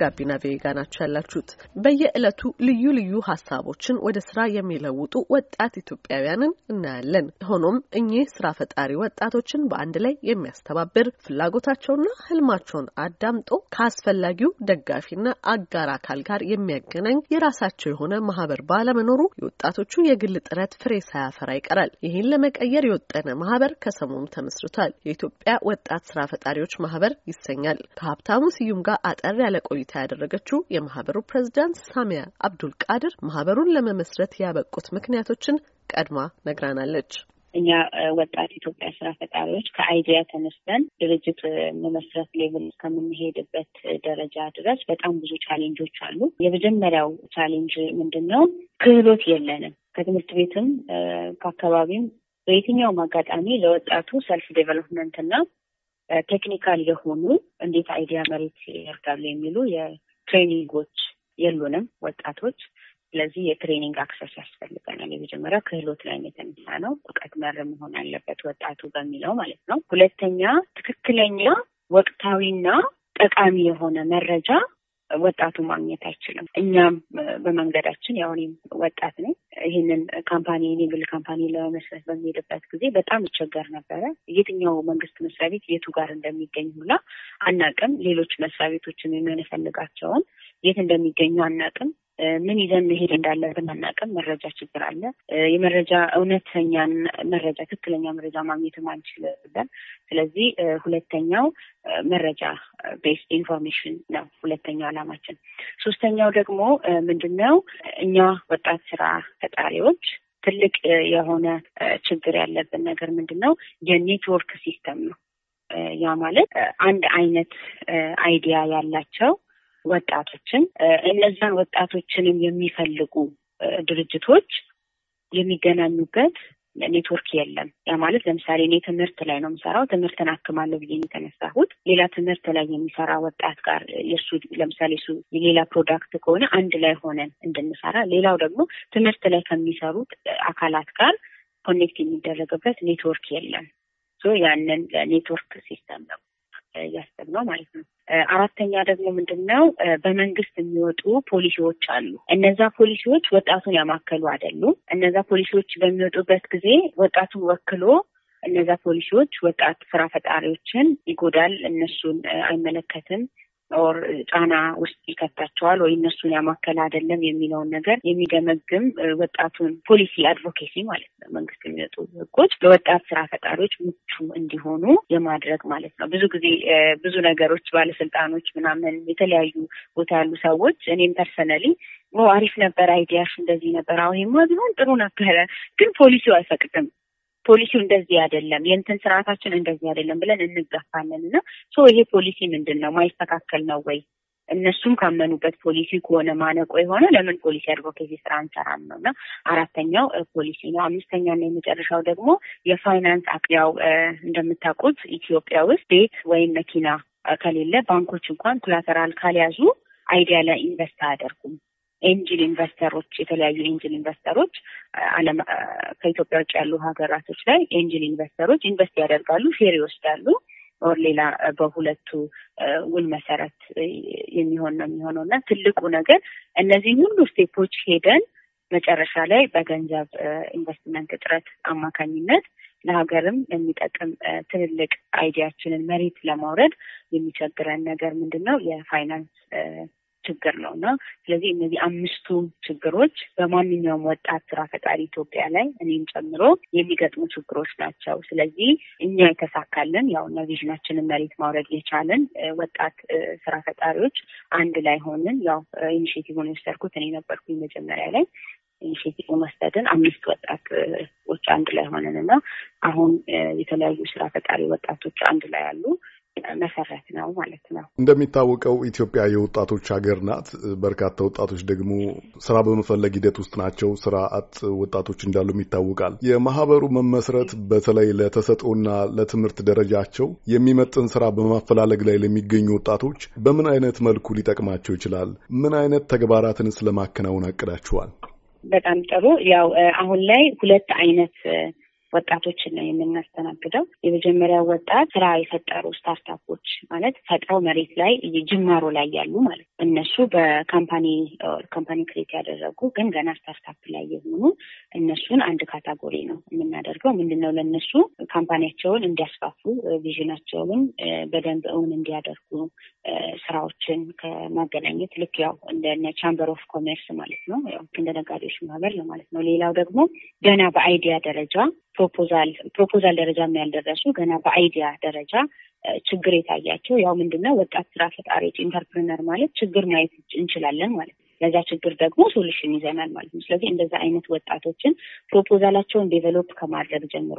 ከጋቢና ቬጋ ናቸው ያላችሁት። በየዕለቱ ልዩ ልዩ ሀሳቦችን ወደ ስራ የሚለውጡ ወጣት ኢትዮጵያውያንን እናያለን። ሆኖም እኚህ ስራ ፈጣሪ ወጣቶችን በአንድ ላይ የሚያስተባብር ፍላጎታቸውና ህልማቸውን አዳምጦ ከአስፈላጊው ደጋፊና አጋር አካል ጋር የሚያገናኝ የራሳቸው የሆነ ማህበር ባለመኖሩ የወጣቶቹ የግል ጥረት ፍሬ ሳያፈራ ይቀራል። ይህን ለመቀየር የወጠነ ማህበር ከሰሞኑ ተመስርቷል። የኢትዮጵያ ወጣት ስራ ፈጣሪዎች ማህበር ይሰኛል። ከሀብታሙ ስዩም ጋር አጠር ያለ ቆይታ ቆይታ ያደረገችው የማህበሩ ፕሬዚዳንት ሳሚያ አብዱል ቃድር ማህበሩን ለመመስረት ያበቁት ምክንያቶችን ቀድማ ነግራናለች። እኛ ወጣት ኢትዮጵያ ስራ ፈጣሪዎች ከአይዲያ ተነስተን ድርጅት መመስረት ሌቭል እስከምንሄድበት ደረጃ ድረስ በጣም ብዙ ቻሌንጆች አሉ። የመጀመሪያው ቻሌንጅ ምንድን ነው? ክህሎት የለንም። ከትምህርት ቤትም ከአካባቢም በየትኛውም አጋጣሚ ለወጣቱ ሰልፍ ዴቨሎፕመንት እና ቴክኒካል የሆኑ እንዴት አይዲያ መሬት ይርጋሉ የሚሉ የትሬኒንጎች የሉንም ወጣቶች። ስለዚህ የትሬኒንግ አክሰስ ያስፈልገናል። የመጀመሪያ ክህሎት ላይ የተነሳ ነው፣ እውቀት መር መሆን አለበት ወጣቱ በሚለው ማለት ነው። ሁለተኛ ትክክለኛ ወቅታዊና ጠቃሚ የሆነ መረጃ ወጣቱ ማግኘት አይችልም። እኛም በመንገዳችን ያው እኔም ወጣት ነኝ ይህንን ካምፓኒ የግል ካምፓኒ ለመመስረት በሚሄድበት ጊዜ በጣም ይቸገር ነበረ። የትኛው መንግስት መስሪያ ቤት የቱ ጋር እንደሚገኝ ሁላ አናቅም። ሌሎች መስሪያ ቤቶችን የምንፈልጋቸውን የት እንደሚገኙ አናቅም። ምን ይዘን መሄድ እንዳለብን አናውቅም። መረጃ ችግር አለ። የመረጃ እውነተኛን መረጃ ትክክለኛ መረጃ ማግኘትም አንችልም። ስለዚህ ሁለተኛው መረጃ ቤስ ኢንፎርሜሽን ነው ሁለተኛው አላማችን ሶስተኛው ደግሞ ምንድን ነው እኛ ወጣት ስራ ፈጣሪዎች ትልቅ የሆነ ችግር ያለብን ነገር ምንድን ነው የኔትወርክ ሲስተም ነው። ያ ማለት አንድ አይነት አይዲያ ያላቸው ወጣቶችን እነዛን ወጣቶችንም የሚፈልጉ ድርጅቶች የሚገናኙበት ኔትወርክ የለም። ያ ማለት ለምሳሌ እኔ ትምህርት ላይ ነው የምሰራው፣ ትምህርትን አክማለሁ ብዬ የተነሳሁት ሌላ ትምህርት ላይ የሚሰራ ወጣት ጋር የእሱ ለምሳሌ እሱ የሌላ ፕሮዳክት ከሆነ አንድ ላይ ሆነን እንድንሰራ፣ ሌላው ደግሞ ትምህርት ላይ ከሚሰሩት አካላት ጋር ኮኔክት የሚደረግበት ኔትወርክ የለም። ያንን ኔትወርክ ሲስተም ነው እያሰብን ነው ማለት ነው። አራተኛ ደግሞ ምንድን ነው በመንግስት የሚወጡ ፖሊሲዎች አሉ። እነዛ ፖሊሲዎች ወጣቱን ያማከሉ አይደሉም። እነዛ ፖሊሲዎች በሚወጡበት ጊዜ ወጣቱን ወክሎ እነዛ ፖሊሲዎች ወጣት ስራ ፈጣሪዎችን ይጎዳል፣ እነሱን አይመለከትም ኦር ጫና ውስጥ ይከታቸዋል ወይ እነሱን ያማከል አይደለም የሚለውን ነገር የሚገመግም ወጣቱን ፖሊሲ አድቮኬሲ ማለት ነው። መንግስት የሚወጡ ህጎች ለወጣት ስራ ፈጣሪዎች ምቹ እንዲሆኑ የማድረግ ማለት ነው። ብዙ ጊዜ ብዙ ነገሮች ባለስልጣኖች ምናምን የተለያዩ ቦታ ያሉ ሰዎች እኔም ፐርሰነሊ አሪፍ ነበር አይዲያሽ እንደዚህ ነበር አሁ ቢሆን ጥሩ ነበረ፣ ግን ፖሊሲው አይፈቅድም ፖሊሲው እንደዚህ አይደለም፣ የእንትን ስርዓታችን እንደዚህ አይደለም ብለን እንጋፋለን እና ሶ ይሄ ፖሊሲ ምንድን ነው ማይስተካከል ነው ወይ እነሱም ካመኑበት ፖሊሲ ከሆነ ማነቆ የሆነ ለምን ፖሊሲ አድቮኬሲ ስራ እንሰራም ነው እና አራተኛው ፖሊሲ ነው። አምስተኛና የመጨረሻው ደግሞ የፋይናንስ አቅያው እንደምታውቁት ኢትዮጵያ ውስጥ ቤት ወይም መኪና ከሌለ ባንኮች እንኳን ኮላተራል ካልያዙ አይዲያ ላይ ኢንቨስት አያደርጉም። ኤንጅል ኢንቨስተሮች የተለያዩ ኤንጅል ኢንቨስተሮች ዓለም ከኢትዮጵያ ውጭ ያሉ ሀገራቶች ላይ ኤንጅል ኢንቨስተሮች ኢንቨስት ያደርጋሉ፣ ሼር ይወስዳሉ። ኦር ሌላ በሁለቱ ውል መሰረት የሚሆን ነው የሚሆነው እና ትልቁ ነገር እነዚህ ሁሉ ስቴፖች ሄደን መጨረሻ ላይ በገንዘብ ኢንቨስትመንት እጥረት አማካኝነት ለሀገርም የሚጠቅም ትልልቅ አይዲያችንን መሬት ለማውረድ የሚቸግረን ነገር ምንድን ነው? የፋይናንስ ችግር ነው እና ስለዚህ እነዚህ አምስቱ ችግሮች በማንኛውም ወጣት ስራ ፈጣሪ ኢትዮጵያ ላይ እኔም ጨምሮ የሚገጥሙ ችግሮች ናቸው። ስለዚህ እኛ የተሳካልን ያው እና ቪዥናችንን መሬት ማውረድ የቻልን ወጣት ስራ ፈጣሪዎች አንድ ላይ ሆንን። ያው ኢኒሽቲቭን የወሰድኩት እኔ ነበርኩኝ መጀመሪያ ላይ ኢኒሽቲቭ መስተድን አምስት ወጣቶች አንድ ላይ ሆነን እና አሁን የተለያዩ ስራ ፈጣሪ ወጣቶች አንድ ላይ አሉ። መሰረት ነው ማለት ነው። እንደሚታወቀው ኢትዮጵያ የወጣቶች ሀገር ናት። በርካታ ወጣቶች ደግሞ ስራ በመፈለግ ሂደት ውስጥ ናቸው። ስራ አጥ ወጣቶች እንዳሉም ይታወቃል። የማህበሩ መመስረት በተለይ ለተሰጥኦና ለትምህርት ደረጃቸው የሚመጥን ስራ በማፈላለግ ላይ ለሚገኙ ወጣቶች በምን አይነት መልኩ ሊጠቅማቸው ይችላል? ምን አይነት ተግባራትንስ ለማከናወን አቅዳችኋል? በጣም ጥሩ። ያው አሁን ላይ ሁለት አይነት ወጣቶችን ነው የምናስተናግደው። የመጀመሪያው ወጣት ስራ የፈጠሩ ስታርታፖች ማለት ፈጥረው መሬት ላይ ጅማሮ ላይ ያሉ ማለት እነሱ በካምፓኒ ካምፓኒ ክሬት ያደረጉ ግን ገና ስታርታፕ ላይ የሆኑ እነሱን አንድ ካታጎሪ ነው የምናደርገው። ምንድነው ለእነሱ ካምፓኒያቸውን እንዲያስፋፉ ቪዥናቸውን በደንብ እውን እንዲያደርጉ ስራዎችን ከማገናኘት ልክ ያው እንደ ቻምበር ኦፍ ኮሜርስ ማለት ነው፣ እንደ ነጋዴዎች ማህበር ለማለት ነው። ሌላው ደግሞ ገና በአይዲያ ደረጃ ፕሮፖዛል ፕሮፖዛል ደረጃም ያልደረሱ ገና በአይዲያ ደረጃ ችግር የታያቸው ያው ምንድነው ወጣት ስራ ፈጣሪዎች ኢንተርፕሪነር ማለት ችግር ማየት እንችላለን ማለት ነው። ለዛ ችግር ደግሞ ሶሉሽን ይዘናል ማለት ነው። ስለዚህ እንደዛ አይነት ወጣቶችን ፕሮፖዛላቸውን ዴቨሎፕ ከማድረግ ጀምሮ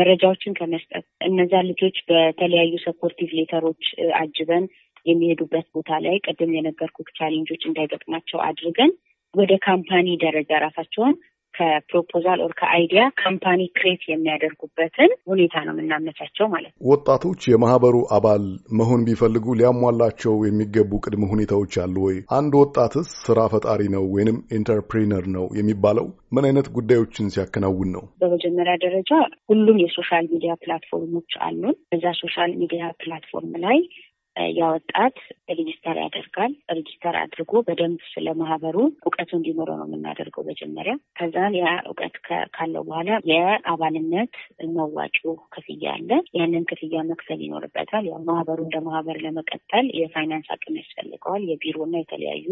መረጃዎችን ከመስጠት እነዛ ልጆች በተለያዩ ሰፖርቲቭ ሌተሮች አጅበን የሚሄዱበት ቦታ ላይ ቅድም የነገርኩት ቻሌንጆች እንዳይገጥማቸው አድርገን ወደ ካምፓኒ ደረጃ ራሳቸውን ከፕሮፖዛል ኦር ከአይዲያ ካምፓኒ ክሬት የሚያደርጉበትን ሁኔታ ነው የምናመቻቸው ማለት ነው። ወጣቶች የማህበሩ አባል መሆን ቢፈልጉ ሊያሟላቸው የሚገቡ ቅድመ ሁኔታዎች አሉ ወይ? አንድ ወጣትስ ስራ ፈጣሪ ነው ወይንም ኢንተርፕሪነር ነው የሚባለው ምን አይነት ጉዳዮችን ሲያከናውን ነው? በመጀመሪያ ደረጃ ሁሉም የሶሻል ሚዲያ ፕላትፎርሞች አሉን። በዛ ሶሻል ሚዲያ ፕላትፎርም ላይ ያ ወጣት ያደርጋል። ሬጂስተር አድርጎ በደንብ ስለ ማህበሩ እውቀቱ እንዲኖረው ነው የምናደርገው መጀመሪያ። ከዛ ያ እውቀት ካለው በኋላ የአባልነት መዋጮ ክፍያ አለ። ያንን ክፍያ መክፈል ይኖርበታል። ያው ማህበሩ እንደ ማህበር ለመቀጠል የፋይናንስ አቅም ያስፈልገዋል። የቢሮና የተለያዩ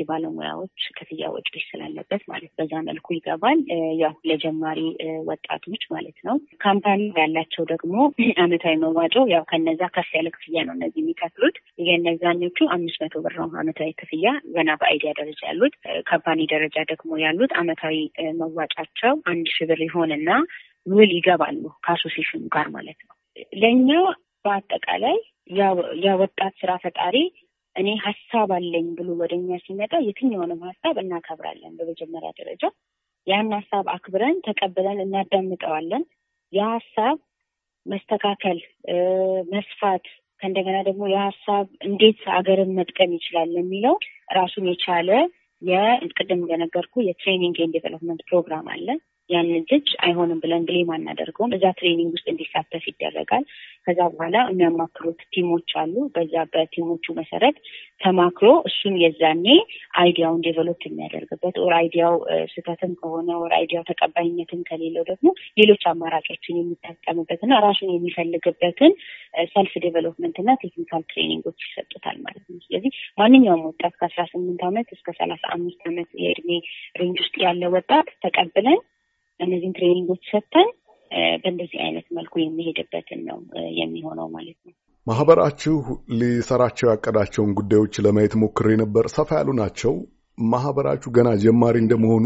የባለሙያዎች ክፍያ ወጪዎች ስላለበት ማለት በዛ መልኩ ይገባል። ያው ለጀማሪ ወጣቶች ማለት ነው። ካምፓኒ ያላቸው ደግሞ አመታዊ መዋጮ ያው ከነዛ ከፍ ያለ ክፍያ ነው እነዚህ የሚከፍሉት የነዛኞቹ አምስት መቶ ብር ነው አመታዊ ክፍያ ገና በአይዲያ ደረጃ ያሉት። ካምፓኒ ደረጃ ደግሞ ያሉት አመታዊ መዋጫቸው አንድ ሺ ብር ይሆንና ውል ይገባሉ ከአሶሴሽኑ ጋር ማለት ነው። ለእኛ በአጠቃላይ የወጣት ስራ ፈጣሪ እኔ ሀሳብ አለኝ ብሎ ወደኛ ሲመጣ የትኛውንም ሀሳብ እናከብራለን። በመጀመሪያ ደረጃ ያን ሀሳብ አክብረን ተቀብለን እናዳምጠዋለን። የሀሳብ መስተካከል፣ መስፋት ከእንደገና ደግሞ የሀሳብ እንዴት ሀገርን መጥቀም ይችላል የሚለው ራሱን የቻለ የቅድም እንደነገርኩ የትሬኒንግ ኤንድ ዴቨሎፕመንት ፕሮግራም አለ። ያንን ልጅ አይሆንም ብለን ብሌም አናደርገውም። እዛ ትሬኒንግ ውስጥ እንዲሳተፍ ይደረጋል። ከዛ በኋላ የሚያማክሩት ቲሞች አሉ። በዛ በቲሞቹ መሰረት ተማክሮ እሱም የዛኔ አይዲያውን ዴቨሎፕ የሚያደርግበት ኦር አይዲያው ስህተትም ከሆነ ኦር አይዲያው ተቀባይነትም ከሌለው ደግሞ ሌሎች አማራጮችን የሚጠቀምበትና ራሱን የሚፈልግበትን ሰልፍ ዴቨሎፕመንት እና ቴክኒካል ትሬኒንጎች ይሰጡታል ማለት ነው። ስለዚህ ማንኛውም ወጣት ከአስራ ስምንት ዓመት እስከ ሰላሳ አምስት ዓመት የእድሜ ሬንጅ ውስጥ ያለ ወጣት ተቀብለን እነዚህን ትሬኒንጎች ሰጥተን በእንደዚህ አይነት መልኩ የሚሄድበትን ነው የሚሆነው ማለት ነው። ማህበራችሁ ሊሰራቸው ያቀዳቸውን ጉዳዮች ለማየት ሞክሬ ነበር። ሰፋ ያሉ ናቸው። ማህበራችሁ ገና ጀማሪ እንደመሆኑ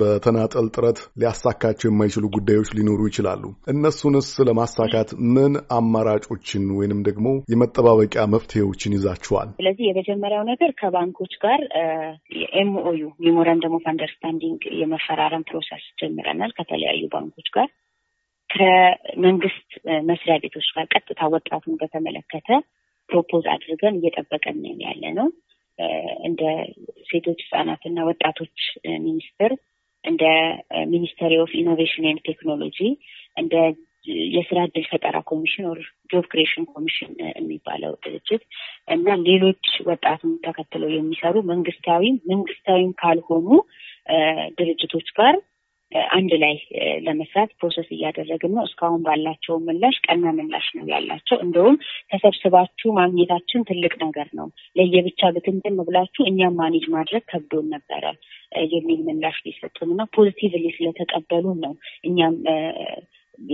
በተናጠል ጥረት ሊያሳካቸው የማይችሉ ጉዳዮች ሊኖሩ ይችላሉ። እነሱንስ ለማሳካት ምን አማራጮችን ወይንም ደግሞ የመጠባበቂያ መፍትሄዎችን ይዛችኋል? ስለዚህ የመጀመሪያው ነገር ከባንኮች ጋር የኤምኦዩ ሜሞራንደም ኦፍ አንደርስታንዲንግ የመፈራረም ፕሮሰስ ጀምረናል ከተለያዩ ባንኮች ጋር ከመንግስት መስሪያ ቤቶች ጋር ቀጥታ ወጣቱን በተመለከተ ፕሮፖዝ አድርገን እየጠበቀን ያለ ነው። እንደ ሴቶች ህጻናትና ወጣቶች ሚኒስቴር እንደ ሚኒስተሪ ኦፍ ኢኖቬሽን ኤንድ ቴክኖሎጂ እንደ የስራ እድል ፈጠራ ኮሚሽን ኦር ጆብ ክሬሽን ኮሚሽን የሚባለው ድርጅት እና ሌሎች ወጣቱን ተከትለው የሚሰሩ መንግስታዊም መንግስታዊም ካልሆኑ ድርጅቶች ጋር አንድ ላይ ለመስራት ፕሮሰስ እያደረግን ነው። እስካሁን ባላቸው ምላሽ ቀና ምላሽ ነው ያላቸው። እንደውም ተሰብስባችሁ ማግኘታችን ትልቅ ነገር ነው፣ ለየብቻ ብትንትን ብላችሁ እኛም ማኔጅ ማድረግ ከብዶን ነበረ የሚል ምላሽ ሊሰጡን ነው። ፖዚቲቭሊ ስለተቀበሉ ነው እኛም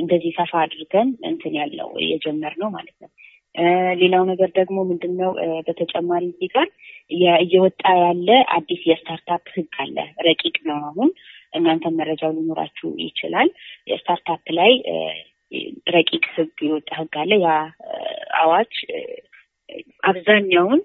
እንደዚህ ሰፋ አድርገን እንትን ያለው የጀመር ነው ማለት ነው። ሌላው ነገር ደግሞ ምንድን ነው? በተጨማሪ እዚህ ጋር እየወጣ ያለ አዲስ የስታርታፕ ህግ አለ። ረቂቅ ነው አሁን እናንተን መረጃው ሊኖራችሁ ይችላል። ስታርታፕ ላይ ረቂቅ ህግ የወጣ ህግ አለ። ያ አዋጅ አብዛኛውን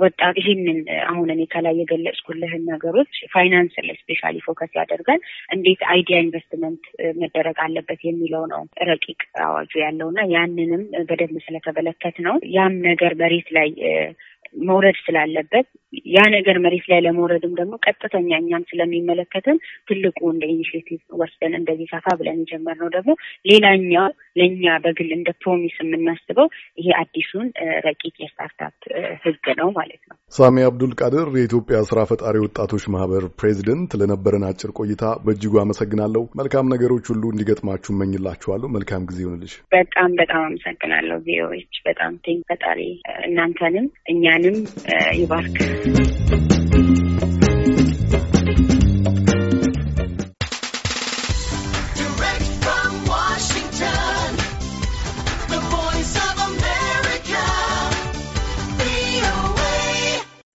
ወጣ ይህንን አሁን እኔ ከላይ የገለጽኩልህን ነገሮች ፋይናንስ ላይ ስፔሻሊ ፎከስ ያደርጋል። እንዴት አይዲያ ኢንቨስትመንት መደረግ አለበት የሚለው ነው ረቂቅ አዋጁ ያለው እና ያንንም በደንብ ስለተመለከት ነው ያም ነገር መሬት ላይ መውረድ ስላለበት ያ ነገር መሬት ላይ ለመውረድም ደግሞ ቀጥተኛ እኛም ስለሚመለከትን ትልቁ እንደ ኢኒሽቲቭ ወስደን እንደዚህ ሰፋ ብለን የጀመርነው ደግሞ ሌላኛው ለእኛ በግል እንደ ፕሮሚስ የምናስበው ይሄ አዲሱን ረቂቅ የስታርታፕ ህግ ነው ማለት ነው። ሳሚ አብዱል ቃድር የኢትዮጵያ ስራ ፈጣሪ ወጣቶች ማህበር ፕሬዚደንት፣ ለነበረን አጭር ቆይታ በእጅጉ አመሰግናለሁ። መልካም ነገሮች ሁሉ እንዲገጥማችሁ እመኝላችኋለሁ። መልካም ጊዜ ይሆንልሽ። በጣም በጣም አመሰግናለሁ ቪኦኤዎች በጣም ቴንክ ፈጣሪ እናንተንም እኛንም ሁላችንም ይባርክ።